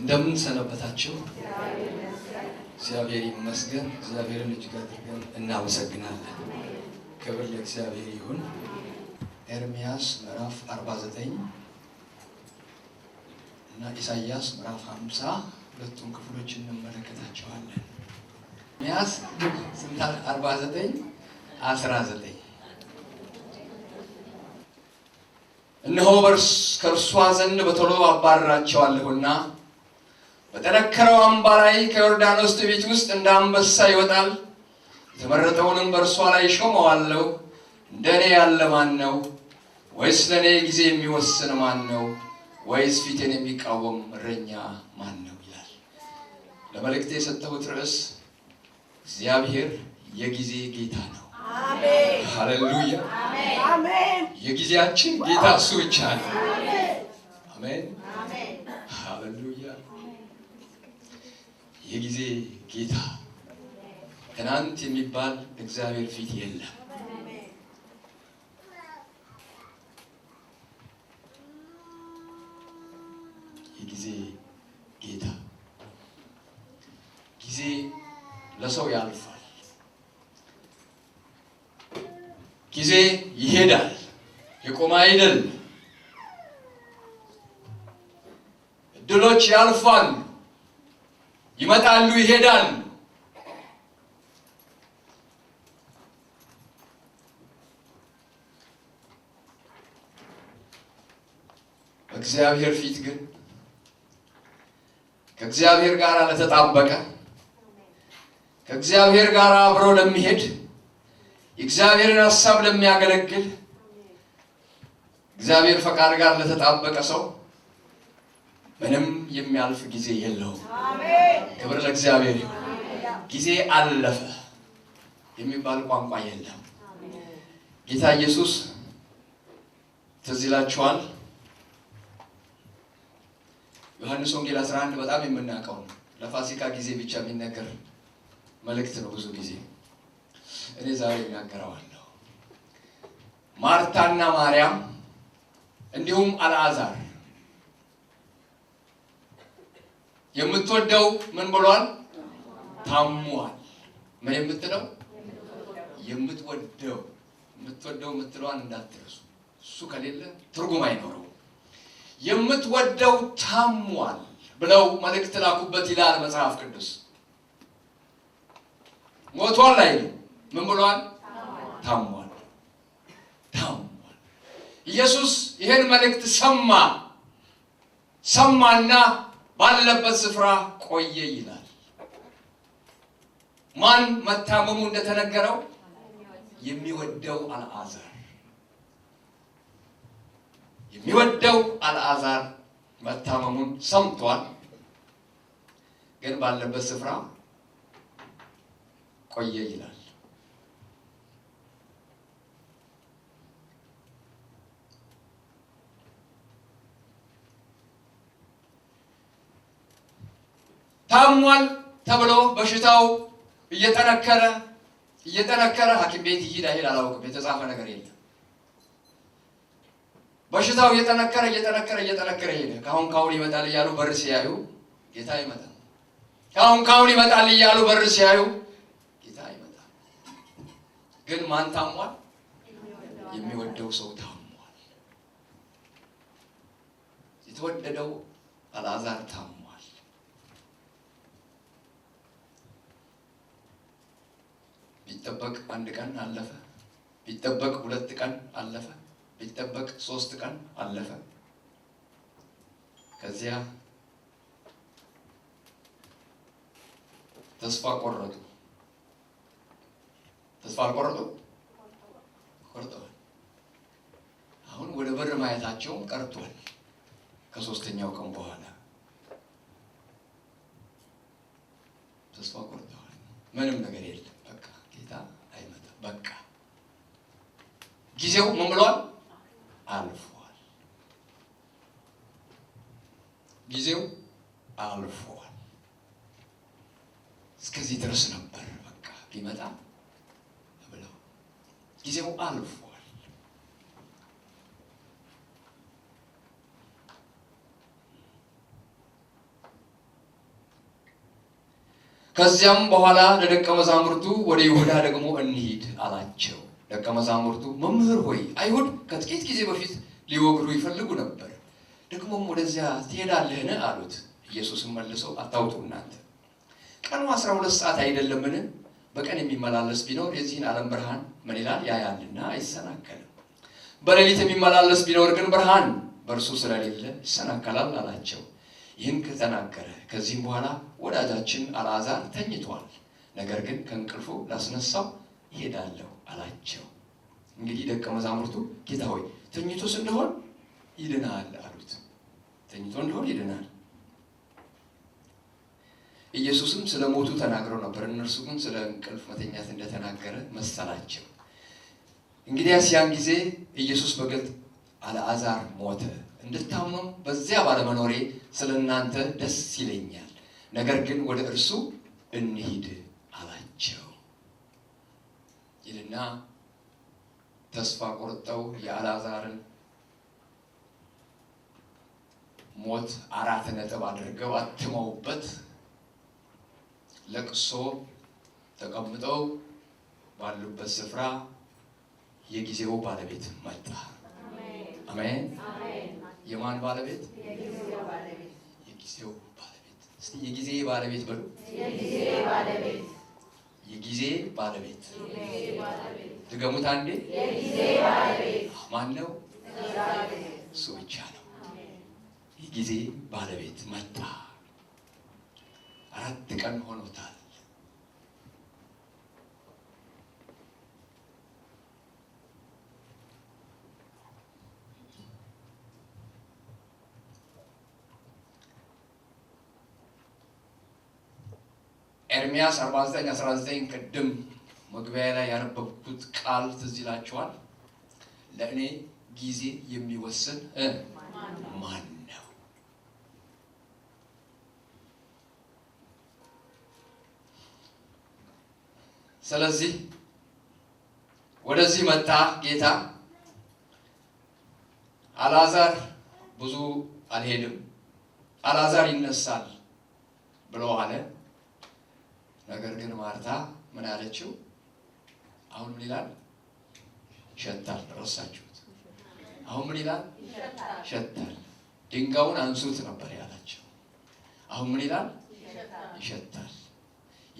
እንደምን ሰነበታችሁ? እግዚአብሔር ይመስገን። እግዚአብሔርን እጅግ አድርገን እናመሰግናለን። ክብር ለእግዚአብሔር ይሁን። ኤርሚያስ ምዕራፍ 49 እና ኢሳያስ ምዕራፍ 50 ሁለቱም ክፍሎች እንመለከታቸዋለን። ኤርሚያስ ስንት 49 19 እነሆ ከእርሷ ዘንድ በቶሎ አባረራቸዋለሁና በጠነከረው አምባ ላይ ከዮርዳኖስ ትዕቢት ውስጥ እንደ አንበሳ ይወጣል። የተመረጠውንም በእርሷ ላይ ሾመዋለሁ። እንደ እኔ ያለ ማን ነው? ወይስ ለእኔ ጊዜ የሚወስን ማን ነው? ወይስ ፊቴን የሚቃወም እረኛ ማን ነው ይላል። ለመልእክት የሰጠሁት ርዕስ እግዚአብሔር የጊዜ ጌታ ነው። ሃሌሉያ! የጊዜያችን ጌታ እሱ ብቻ ነው። አሜን። የጊዜ ጌታ ትናንት የሚባል እግዚአብሔር ፊት የለም። የጊዜ ጌታ ጊዜ ለሰው ያልፋል። ጊዜ ይሄዳል፣ የቆመ አይደል። እድሎች ያልፋል። ይመጣሉ፣ ይሄዳሉ። እግዚአብሔር ፊት ግን ከእግዚአብሔር ጋር ለተጣበቀ ከእግዚአብሔር ጋር አብሮ ለሚሄድ የእግዚአብሔርን ሀሳብ ለሚያገለግል እግዚአብሔር ፈቃድ ጋር ለተጣበቀ ሰው ምንም የሚያልፍ ጊዜ የለውም። ክብር ለእግዚአብሔር ይሁን። ጊዜ አለፈ የሚባል ቋንቋ የለም። ጌታ ኢየሱስ ትዝ ይላችኋል። ዮሐንስ ወንጌል 11 በጣም የምናውቀው ነው። ለፋሲካ ጊዜ ብቻ የሚነገር መልእክት ነው። ብዙ ጊዜ እኔ ዛሬ እናገረዋለሁ። ማርታና ማርያም እንዲሁም አልዓዛር የምትወደው ምን ብሏል? ታሟል። ምን የምትለው የምትወደው የምትወደው የምትለዋን እንዳትረሱ። እሱ ከሌለ ትርጉም አይኖረው። የምትወደው ታሟል ብለው መልእክት ላኩበት ይላል መጽሐፍ ቅዱስ። ሞቷል ላይ ምን ብሏል? ታሟል። ታሟል። ኢየሱስ ይህን መልእክት ሰማ ሰማና ባለበት ስፍራ ቆየ ይላል። ማን መታመሙ እንደተነገረው የሚወደው አልአዛር የሚወደው አልአዛር መታመሙን ሰምቷል። ግን ባለበት ስፍራ ቆየ ይላል። ታሟል ተብሎ በሽታው እየጠነከረ እየጠነከረ ሐኪም ቤት ይሄዳ አይሄድ አላውቅም፣ የተጻፈ ነገር የለም። በሽታው እየጠነከረ እየጠነከረ እየጠነከረ ሄደ። ካሁን ካሁን ይመጣል እያሉ በር ሲያዩ ጌታ ይመጣል። ካሁን ካሁን ይመጣል እያሉ በር ሲያዩ ጌታ ይመጣል። ግን ማን ታሟል? የሚወደው ሰው ታሟል። የተወደደው አልዓዛር ታሟል። ቢጠበቅ አንድ ቀን አለፈ፣ ቢጠበቅ ሁለት ቀን አለፈ፣ ቢጠበቅ ሶስት ቀን አለፈ። ከዚያ ተስፋ ቆረጡ። ተስፋ አልቆረጡ ቆርጠዋል። አሁን ወደ በር ማየታቸውም ቀርቷል። ከሶስተኛው ቀን በኋላ ተስፋ ቆርጠዋል። ምንም ነገር የለም። በቃ ጊዜው ምን ብሏል? አልፏል። ጊዜው አልፏል። እስከዚህ ድረስ ነበር በቃ ቢመጣ ብለው ጊዜው አልፏል። ከዚያም በኋላ ለደቀ መዛሙርቱ ወደ ይሁዳ ደግሞ እንሂድ አላቸው። ደቀ መዛሙርቱ መምህር ሆይ አይሁድ ከጥቂት ጊዜ በፊት ሊወግሩ ይፈልጉ ነበር፣ ደግሞም ወደዚያ ትሄዳለህን አሉት። ኢየሱስም መልሰው አታውጡ እናንተ ቀኑ አስራ ሁለት ሰዓት አይደለምን? በቀን የሚመላለስ ቢኖር የዚህን ዓለም ብርሃን ምን ይላል ያያልና አይሰናከልም። በሌሊት የሚመላለስ ቢኖር ግን ብርሃን በእርሱ ስለሌለ ይሰናከላል አላቸው። ይህን ከተናገረ ከዚህም በኋላ ወዳጃችን አልዓዛር ተኝቷል፣ ነገር ግን ከእንቅልፉ ላስነሳው ይሄዳለሁ አላቸው። እንግዲህ ደቀ መዛሙርቱ ጌታ ሆይ ተኝቶስ እንደሆን ይድናል አሉት። ተኝቶ እንደሆን ይድናል። ኢየሱስም ስለ ሞቱ ተናግረው ነበር፣ እነርሱ ግን ስለ እንቅልፍ መተኛት እንደተናገረ መሰላቸው። እንግዲያስ ያን ጊዜ ኢየሱስ በግልጥ አልዓዛር ሞተ፣ እንድታምኑም በዚያ ባለመኖሬ ስለ እናንተ ደስ ይለኛል፣ ነገር ግን ወደ እርሱ እንሂድ አላቸው ይልና ተስፋ ቆርጠው የአላዛርን ሞት አራት ነጥብ አድርገው አትመውበት ለቅሶ ተቀምጠው ባሉበት ስፍራ የጊዜው ባለቤት መጣ። አሜን። የማን ባለቤት? የጊዜው ባለቤት። እስቲ የጊዜ ባለቤት በሉ። የጊዜ ባለቤት የጊዜ ባለቤት ድገሙት አንዴ። የጊዜ ባለቤት ማን ነው? እሱ ብቻ ነው። የጊዜ ባለቤት መጣ። አራት ቀን ሆኖታል። ኤርሚያስ 49:19 ቅድም መግቢያ ላይ ያነበብኩት ቃል ትዝ ይላችኋል። ለእኔ ጊዜ የሚወስን ማን ነው? ስለዚህ ወደዚህ መጣ ጌታ አላዛር ብዙ አልሄድም፣ አላዛር ይነሳል ብሎ አለ። ነገር ግን ማርታ ምን አለችው? አሁን ምን ይላል? ይሸታል። ረሳችሁት። አሁን ምን ይላል? ይሸታል። ድንጋዩን አንሱት ነበር ያላቸው። አሁን ምን ይላል? ይሸታል።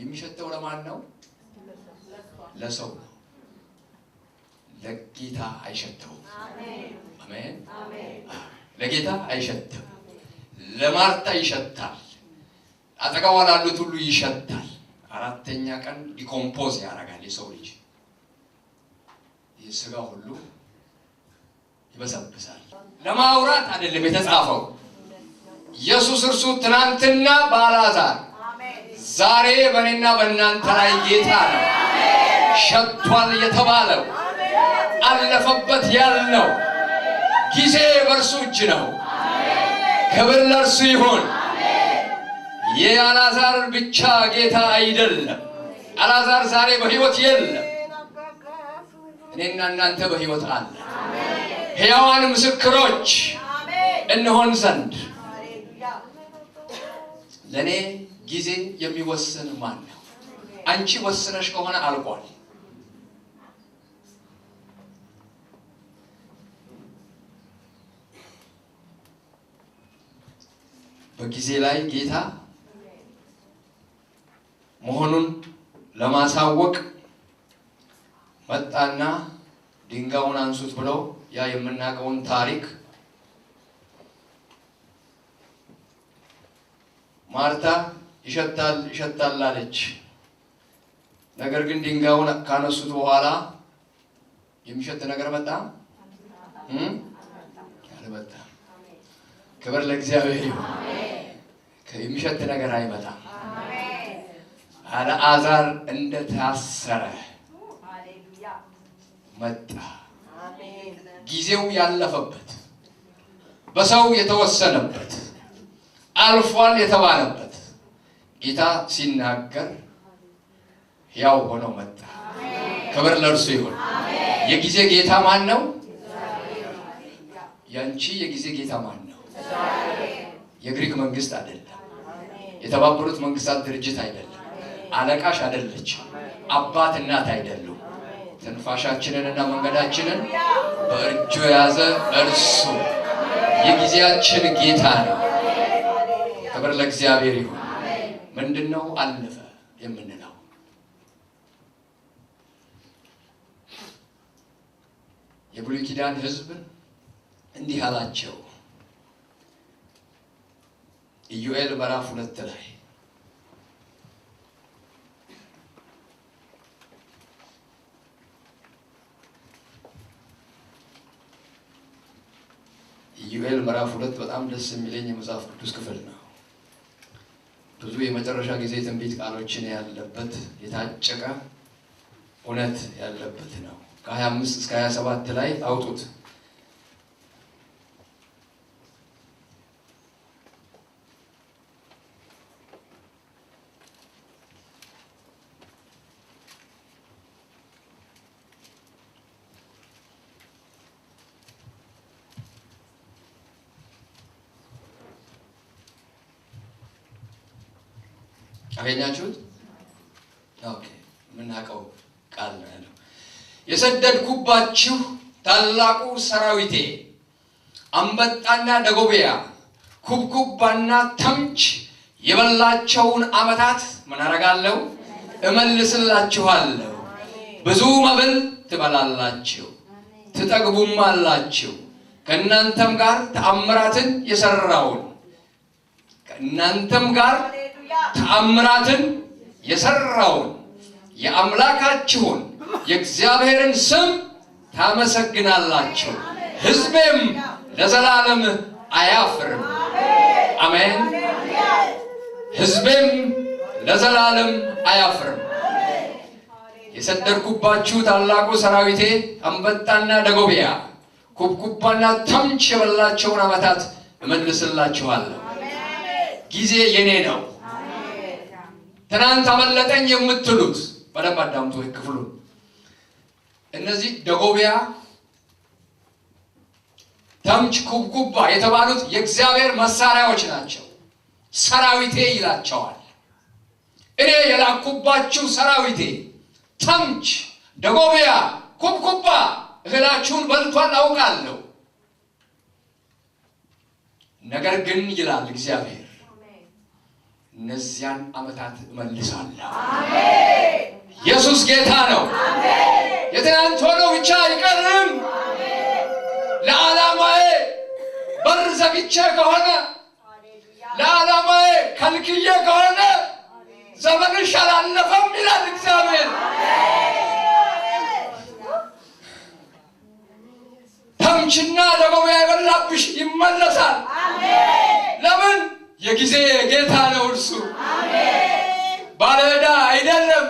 የሚሸተው ለማን ነው? ለሰው ነው። ለጌታ አይሸተውም። አሜን። ለጌታ አይሸተም። ለማርታ ይሸታል። አጠገቧ ላሉት ሁሉ ይሸታል። አራተኛ ቀን ዲኮምፖዝ ያደርጋል የሰው ልጅ ይህ ስጋ ሁሉ ይበሰብሳል። ለማውራት አይደለም የተጻፈው። ኢየሱስ እርሱ ትናንትና በአልዓዛር ዛሬ በእኔና በእናንተ ላይ ጌታ ነው። ሸቷል የተባለው አለፈበት ያልነው ጊዜ በእርሱ እጅ ነው። ክብር ለእርሱ ይሁን። የአልዓዛር ብቻ ጌታ አይደለም። አልዓዛር ዛሬ በሕይወት የለም። እኔና እናንተ በሕይወት አለ ሕያዋን ምስክሮች እንሆን ዘንድ ለእኔ ጊዜ የሚወስን ማን ነው? አንቺ ወስነሽ ከሆነ አልቋል። በጊዜ ላይ ጌታ መሆኑን ለማሳወቅ መጣና ድንጋዩን አንሱት ብለው ያ የምናውቀውን ታሪክ ማርታ ይሸታል ይሸታል አለች። ነገር ግን ድንጋዩን ካነሱት በኋላ የሚሸት ነገር መጣ አልመጣም። ክብር ለእግዚአብሔር ይሁን። የሚሸት ነገር አይመጣም። አልዓዛር እንደታሰረ መጣ። ጊዜው ያለፈበት በሰው የተወሰነበት አልፏል የተባለበት ጌታ ሲናገር ያው ሆኖ መጣ። ክብር ለእርሱ ይሁን። የጊዜ ጌታ ማን ነው? ያንቺ የጊዜ ጌታ ማን ነው? የግሪክ መንግስት አይደለም። የተባበሩት መንግስታት ድርጅት አይደለም። አለቃሽ አይደለች፣ አባት እናት አይደሉም። ትንፋሻችንንና መንገዳችንን በእጁ የያዘ እርሱ የጊዜያችን ጌታ ነው። ክብር ለእግዚአብሔር ይሁን። ምንድን ነው አለፈ የምንለው? የብሉይ ኪዳን ሕዝብ እንዲህ አላቸው ኢዩኤል ምዕራፍ ሁለት ላይ ዩኤል ምዕራፍ ሁለት በጣም ደስ የሚለኝ የመጽሐፍ ቅዱስ ክፍል ነው። ብዙ የመጨረሻ ጊዜ ትንቢት ቃሎችን ያለበት የታጨቀ እውነት ያለበት ነው። ከ25 እስከ 27 ላይ አውጡት። አገኛችሁት? ኦኬ የምናውቀው ቃል ነው ያለው። የሰደድኩባችሁ ታላቁ ሰራዊቴ አንበጣና ደጎብያ ኩብኩባና ተምች የበላቸውን ዓመታት ምን አረጋለሁ እመልስላችኋለሁ። ብዙ መብል ትበላላችሁ፣ ትጠግቡም አላችሁ። ከእናንተም ጋር ተአምራትን የሰራውን ከእናንተም ጋር ተአምራትን የሰራውን የአምላካችሁን የእግዚአብሔርን ስም ታመሰግናላችሁ፣ ሕዝቤም ለዘላለም አያፍርም። አሜን። ሕዝቤም ለዘላለም አያፍርም። የሰደድኩባችሁ ታላቁ ሰራዊቴ አንበጣና ደጎብያ ኩብኩባና ተምች የበላቸውን ዓመታት እመልስላችኋለሁ። ጊዜ የኔ ነው። ትናንት አመለጠኝ የምትሉት በደንብ አዳምቶ ክፍሉ እነዚህ ደጎቢያ ተምች፣ ኩብኩባ የተባሉት የእግዚአብሔር መሳሪያዎች ናቸው። ሰራዊቴ ይላቸዋል። እኔ የላኩባችሁ ሰራዊቴ ተምች፣ ደጎቢያ፣ ኩብኩባ እህላችሁን በልቷል አውቃለሁ። ነገር ግን ይላል እግዚአብሔር እነዚያን ዓመታት እመልሳለሁ። ኢየሱስ ጌታ ነው። የትናንት ሆኖ ብቻ አይቀርም። ለዓላማዬ በር ዘግቼ ከሆነ ለዓላማዬ ከልክዬ ከሆነ ዘመንሽ አላለፈም ይላል እግዚአብሔር። ተምችና ደግሞ ያይበላብሽ ይመለሳል። ለምን የጊዜ ጌታ ነው እርሱ። ባለዕዳ አይደለም፣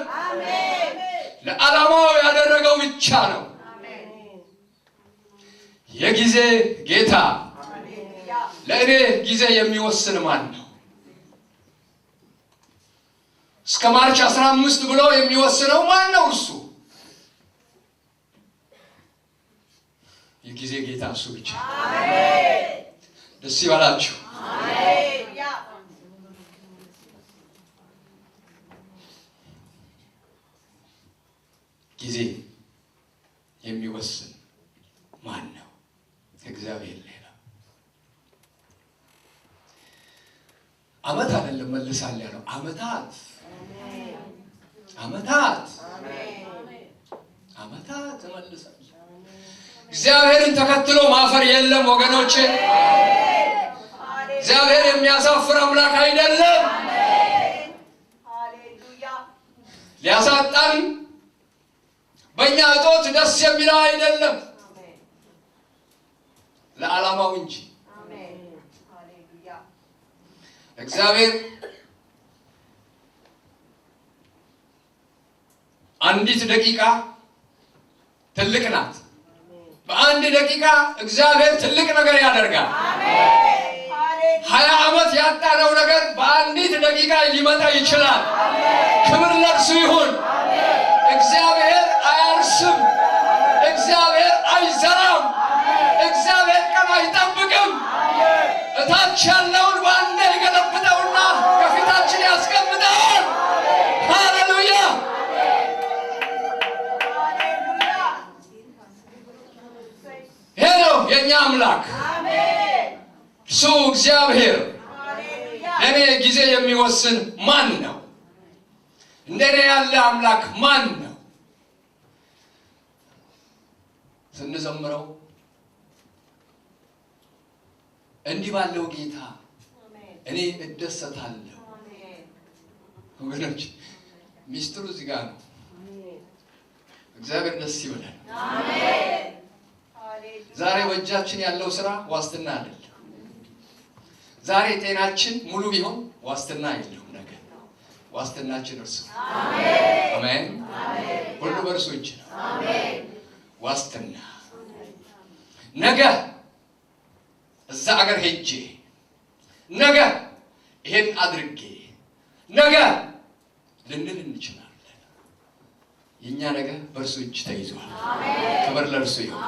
ለዓላማው ያደረገው ብቻ ነው። የጊዜ ጌታ ለእኔ ጊዜ የሚወስን ማን ነው? እስከ ማርች 15 ብሎ የሚወስነው ማን ነው? እርሱ የጊዜ ጌታ እሱ ብቻ። ደስ ይበላችሁ። ጊዜ የሚወስን ማን ነው? እግዚአብሔር ሌላ አመት አይደለም መልሳል ያለው አመታት አመታት አመታት እመልሳለሁ። እግዚአብሔርን ተከትሎ ማፈር የለም ወገኖችን እግዚአብሔር የሚያሳፍር አምላክ አይደለም። ሊያሳጣን በእኛ እጦት ደስ የሚለው አይደለም፣ ለዓላማው እንጂ እግዚአብሔር አንዲት ደቂቃ ትልቅ ናት። በአንድ ደቂቃ እግዚአብሔር ትልቅ ነገር ያደርጋል። ሀያ ዓመት ያጣነው ነገር በአንዲት ደቂቃ ሊመጣ ይችላል። ክብር ለእርሱ ይሁን። እግዚአብሔር አያርስም። እግዚአብሔር አይዘራም። እግዚአብሔር ቀን አይጠብቅም። እታች ያለውን በአንዴ ይገለብጠውና ከፊታችን ያስቀምጠዋል። ሃሌሉያ! ይሄ ነው የእኛ አምላክ። እሱ እግዚአብሔር እኔ ጊዜ የሚወስን ማን ነው? እንደኔ ያለ አምላክ ማን ነው? ስንዘምረው እንዲህ ባለው ጌታ እኔ እደሰታለሁ። ወገኖች ሚስጥሩ እዚህ ጋር ነው። እግዚአብሔር ደስ ይበላል። ዛሬ በእጃችን ያለው ስራ ዋስትና አይደለም። ዛሬ ጤናችን ሙሉ ቢሆን ዋስትና የለውም። ነገር ዋስትናችን እርሱ አሜን። ሁሉ በእርሱ እጅ ነው ዋስትና። ነገ እዛ አገር ሄጄ ነገ ይሄን አድርጌ ነገ ልንል እንችላለን። የእኛ ነገ በእርሱ እጅ ተይዟል። ክብር ለእርሱ ይሁን።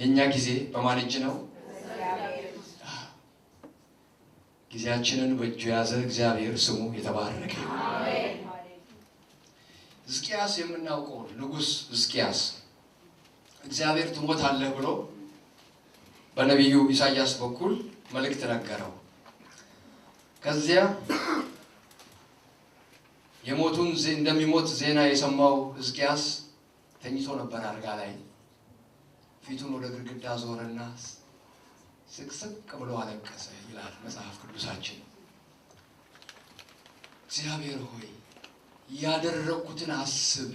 የእኛ ጊዜ በማን እጅ ነው? ጊዜያችንን በእጁ የያዘ እግዚአብሔር ስሙ የተባረከ። ሕዝቅያስ የምናውቀው ንጉሥ ሕዝቅያስ እግዚአብሔር ትሞታለህ ብሎ በነቢዩ ኢሳያስ በኩል መልእክት ነገረው። ከዚያ የሞቱን እንደሚሞት ዜና የሰማው ሕዝቅያስ ተኝቶ ነበር አልጋ ላይ። ፊቱን ወደ ግድግዳ ዞረና ስቅስቅ ብሎ አለቀሰ ይላል መጽሐፍ ቅዱሳችን። እግዚአብሔር ሆይ ያደረግኩትን አስብ፣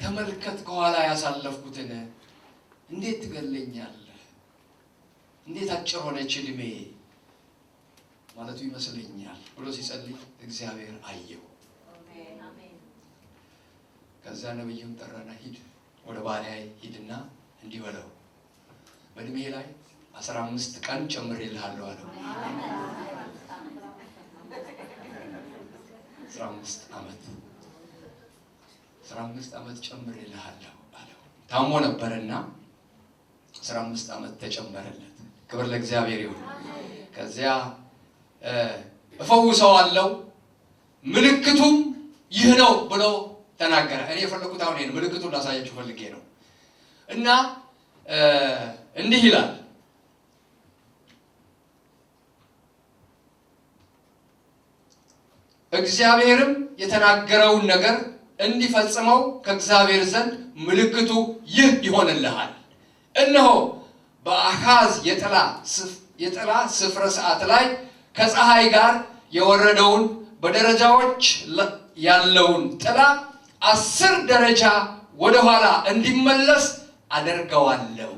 ተመልከት፣ ከኋላ ያሳለፍኩትን። እንዴት ትገለኛለህ? እንዴት አጭር ሆነች እድሜ ማለቱ ይመስለኛል ብሎ ሲጸልይ እግዚአብሔር አየው። ከዚያ ነብዩን ጠራና ሂድ ወደ ባሪያ ሂድና እንዲህ በለው በእድሜ ላይ አስራ አምስት ቀን ጨምር ይልሃለሁ አለው። አስራ አምስት አመት አስራ አምስት አመት ጨምር ይልሃለሁ አለው። ታሞ ነበረና አስራ አምስት አመት ተጨመረለት። ክብር ለእግዚአብሔር ይሁን። ከዚያ እፈውሰዋለሁ ምልክቱም ይህ ነው ብሎ ተናገረ። እኔ የፈለኩት አሁን ይሄን ምልክቱን ላሳያችሁ ፈልጌ ነው። እና እንዲህ ይላል እግዚአብሔርም የተናገረውን ነገር እንዲፈጽመው ከእግዚአብሔር ዘንድ ምልክቱ ይህ ይሆንልሃል። እነሆ በአካዝ የጥላ ስፍረ ሰዓት ላይ ከፀሐይ ጋር የወረደውን በደረጃዎች ያለውን ጥላ አስር ደረጃ ወደኋላ እንዲመለስ አደርገዋለሁ።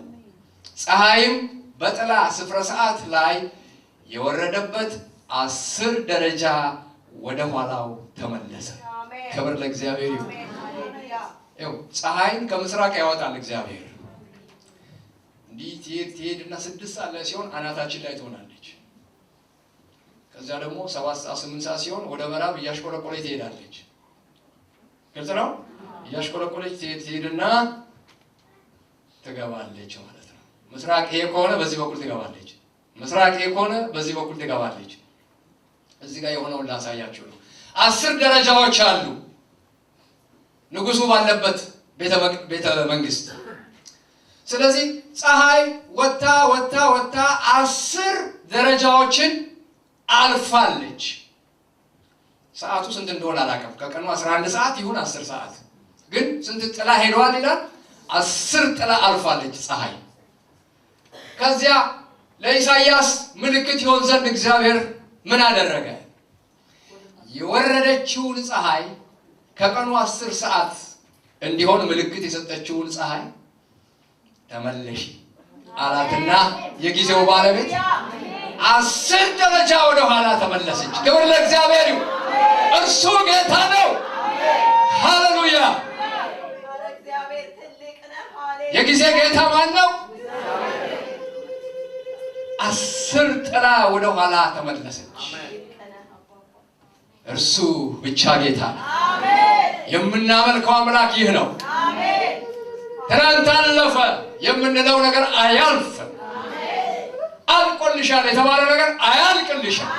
ፀሐይም በጥላ ስፍረ ሰዓት ላይ የወረደበት አስር ደረጃ ወደ ኋላው ተመለሰ። ክብር ለእግዚአብሔር ይሁን። ፀሐይን ከምስራቅ ያወጣል እግዚአብሔር። እንዲህ ትሄድ ትሄድና ስድስት ሰዓት ላይ ሲሆን አናታችን ላይ ትሆናለች። ከዚያ ደግሞ ሰባት ሰዓት ስምንት ሰዓት ሲሆን ወደ ምዕራብ እያሽቆለቆለ ትሄዳለች። ግልጽ ነው። እያሽቆለቆለች ትሄድና ትገባለች ማለት ነው። ምስራቅ ይሄ ከሆነ በዚህ በኩል ትገባለች። ምስራቅ ይሄ ከሆነ በዚህ በኩል ትገባለች። እዚህ ጋር የሆነውን ላሳያችሁ ነው። አስር ደረጃዎች አሉ ንጉሱ ባለበት ቤተ መንግስት። ስለዚህ ፀሐይ ወታ ወታ ወታ አስር ደረጃዎችን አልፋለች። ሰዓቱ ስንት እንደሆነ አላውቅም። ከቀኑ 11 ሰዓት ይሁን 10 ሰዓት ግን ስንት ጥላ ሄደዋል ይላል። አስር ጥላ አልፋለች ፀሐይ። ከዚያ ለኢሳይያስ ምልክት ይሆን ዘንድ እግዚአብሔር ምን አደረገ? የወረደችውን ፀሐይ ከቀኑ 10 ሰዓት እንዲሆን ምልክት የሰጠችውን ፀሐይ ተመለሽ አላትና የጊዜው ባለቤት አስር ደረጃ ወደ ኋላ ተመለሰች። ክብር ለእግዚአብሔር ይሁን። እርሱ ጌታ ነው። ሃሌሉያ! የጊዜ ጌታ ማን ነው? አስር ጥራ ወደ ኋላ ተመለሰች። እርሱ ብቻ ጌታ ነው። የምናመልከው አምላክ ይህ ነው። ትናንት አለፈ የምንለው ነገር አያልፍም። አልቆልሻል የተባለ ነገር አያልቅልሻል።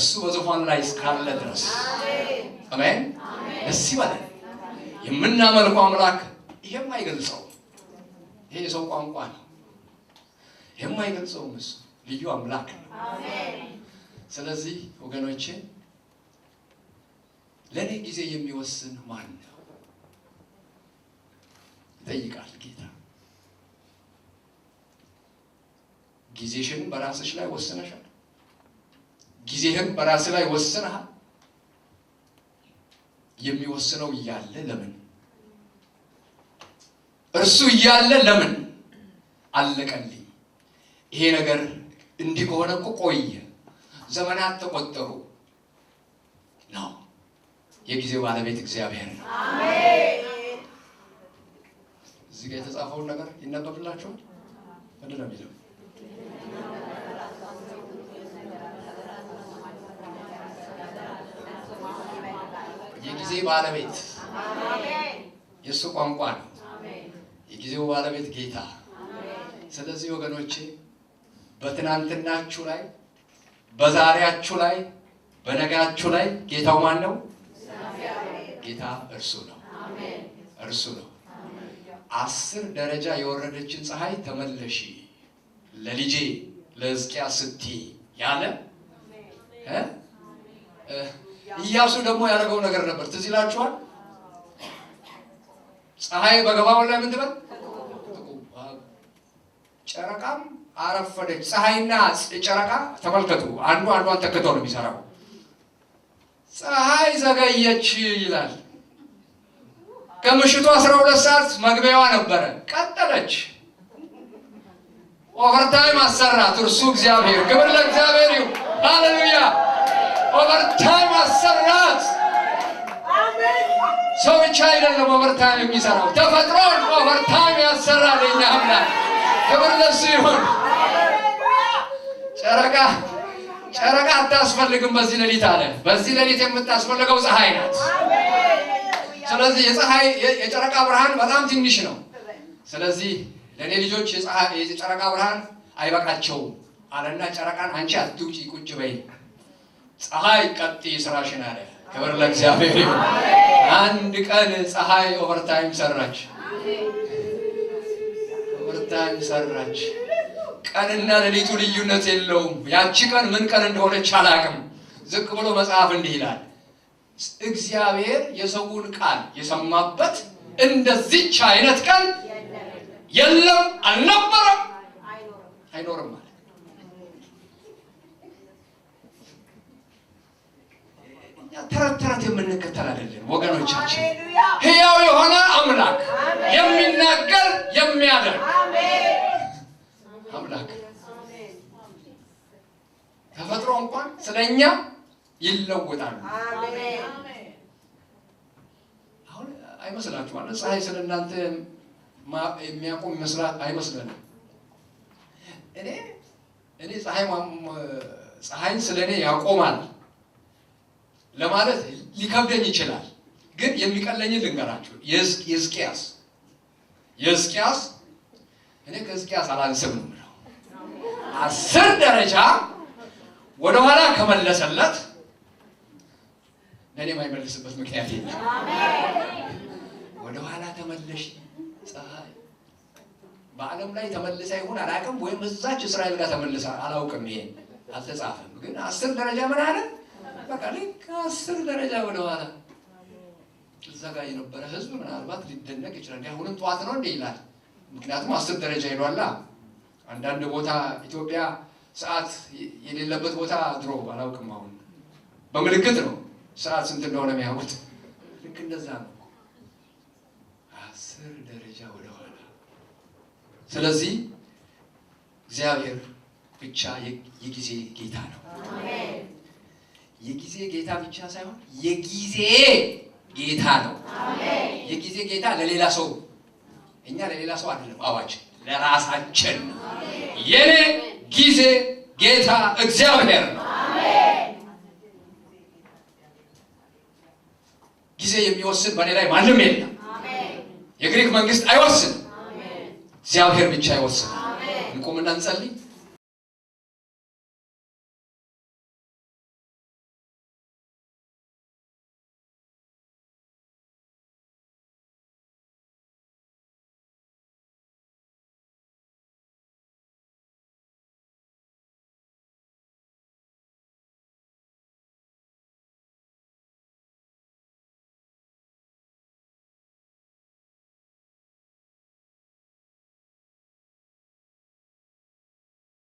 እሱ በዙፋኑ ላይ እስካለ ድረስ አሜን። ደስ ይበለን። የምናመልከው አምላክ የማይገልጸው ይሄ የሰው ቋንቋ ነው። የማይገልጸው እሱ ልዩ አምላክ ነው። ስለዚህ ወገኖቼ ለእኔ ጊዜ የሚወስን ማን ነው ይጠይቃል ጌታ። ጊዜሽን በራስሽ ላይ ወስነሻል። ጊዜህን በራስ ላይ ወስነሃል። የሚወስነው እያለ ለምን እርሱ እያለ ለምን አለቀልኝ? ይሄ ነገር እንዲህ ከሆነ እኮ ቆየ፣ ዘመናት ተቆጠሩ ነው። የጊዜው ባለቤት እግዚአብሔር ነው። እዚህ ጋር የተጻፈውን ነገር ይነበብላችኋል። ምንድን ነው የሚለው? የጊዜ ባለቤት የእሱ ቋንቋ ነው። የጊዜው ባለቤት ጌታ። ስለዚህ ወገኖቼ በትናንትናችሁ ላይ፣ በዛሬያችሁ ላይ፣ በነጋችሁ ላይ ጌታው ማን ነው? ጌታ እርሱ ነው። እርሱ ነው። አስር ደረጃ የወረደችን ፀሐይ ተመለሺ ለልጄ ለሕዝቅያስ ስቲ ያለ እያሱ ደግሞ ያደረገው ነገር ነበር። ትዝ ይላችኋል። ፀሐይ በገባው ላይ ምን ትበል ጨረቃም አረፈደች። ፀሐይና ጨረቃ ተመልከቱ፣ አንዱ አንዷን ተክቶ ነው የሚሰራው። ፀሐይ ዘገየች ይላል። ከምሽቱ አስራ ሁለት ሰዓት መግቢያዋ ነበረ፣ ቀጠለች። ኦቨርታይም አሰራት እርሱ እግዚአብሔር። ክብር ለእግዚአብሔር ይሁን። ሃሌሉያ ኦቨርታይም አሰራት። ሰው ብቻ አይደለም ኦቨርታይም የሚሰራው ተፈጥሮን ኦቨርታይም ያሰራል። የኛ አምላክ ክብር ለሱ ይሁን። ጨረቃ ጨረቃ አታስፈልግም በዚህ ሌሊት አለ። በዚህ ሌሊት የምታስፈልገው ፀሐይ ናት። ስለዚህ የፀሐይ የጨረቃ ብርሃን በጣም ትንሽ ነው። ስለዚህ ለእኔ ልጆች የጨረቃ ብርሃን አይበቃቸውም አለና ጨረቃን አንቺ አትውጪ ቁጭ በይ ፀሐይ ቀጥ ስራሽን አለ። ክብር ለእግዚአብሔር ይሁን። አንድ ቀን ፀሐይ ኦቨርታይም ሰራች፣ ኦቨርታይም ሰራች። ቀንና ሌሊቱ ልዩነት የለውም። ያቺ ቀን ምን ቀን እንደሆነች አላቅም። ዝቅ ብሎ መጽሐፍ እንዲህ ይላል፣ እግዚአብሔር የሰውን ቃል የሰማበት እንደዚች አይነት ቀን የለም፣ አልነበረም፣ አይኖርም። ተረት ተረት የምንከተል አይደለም ወገኖቻችን። ህያው የሆነ አምላክ የሚናገር የሚያደርግ አምላክ ተፈጥሮ እንኳን ስለኛ ይለወጣሉ። አሁን አይመስላችሁ ማለት ፀሐይ ስለ እናንተ የሚያቆም ይመስላል አይመስለንም። እኔ እኔ ፀሐይ ፀሐይን ስለ እኔ ያቆማል ለማለት ሊከብደኝ ይችላል። ግን የሚቀለኝ ልንገራችሁ። የሕዝቅያስ የሕዝቅያስ እኔ ከሕዝቅያስ አላንስም ነው የምለው። አስር ደረጃ ወደኋላ ከመለሰለት ለእኔ የማይመልስበት ምክንያት የለም። ወደኋላ ተመለሽ ፀሐይ በዓለም ላይ ተመልሳ ይሁን አላውቅም፣ ወይም እዛች እስራኤል ጋር ተመልሳ አላውቅም። ይሄን አልተጻፈም። ግን አስር ደረጃ ምን አለ አጠቃላይ ከአስር ደረጃ ኋላ ተዘጋጅ የነበረ ህዝብ ምናልባት ሊደነቅ ይችላል። አሁንም ጠዋት ነው እንዴ ይላል። ምክንያቱም አስር ደረጃ ይሏላ? አንዳንድ ቦታ ኢትዮጵያ ሰዓት የሌለበት ቦታ ድሮ አላውቅም፣ አሁን በምልክት ነው ሰዓት ስንት እንደሆነ የሚያውቁት። ልክ እንደዛ ነው፣ አስር ደረጃ ወደኋላ። ስለዚህ እግዚአብሔር ብቻ የጊዜ ጌታ ነው። የጊዜ ጌታ ብቻ ሳይሆን የጊዜ ጌታ ነው። የጊዜ ጌታ ለሌላ ሰው እኛ ለሌላ ሰው አይደለም አዋጅ ለራሳችን ነው። የኔ ጊዜ ጌታ እግዚአብሔር ነው። ጊዜ የሚወስን በእኔ ላይ ማንም የለም። የግሪክ መንግስት አይወስንም፣ እግዚአብሔር ብቻ አይወስን እንቁምና እንጸልይ።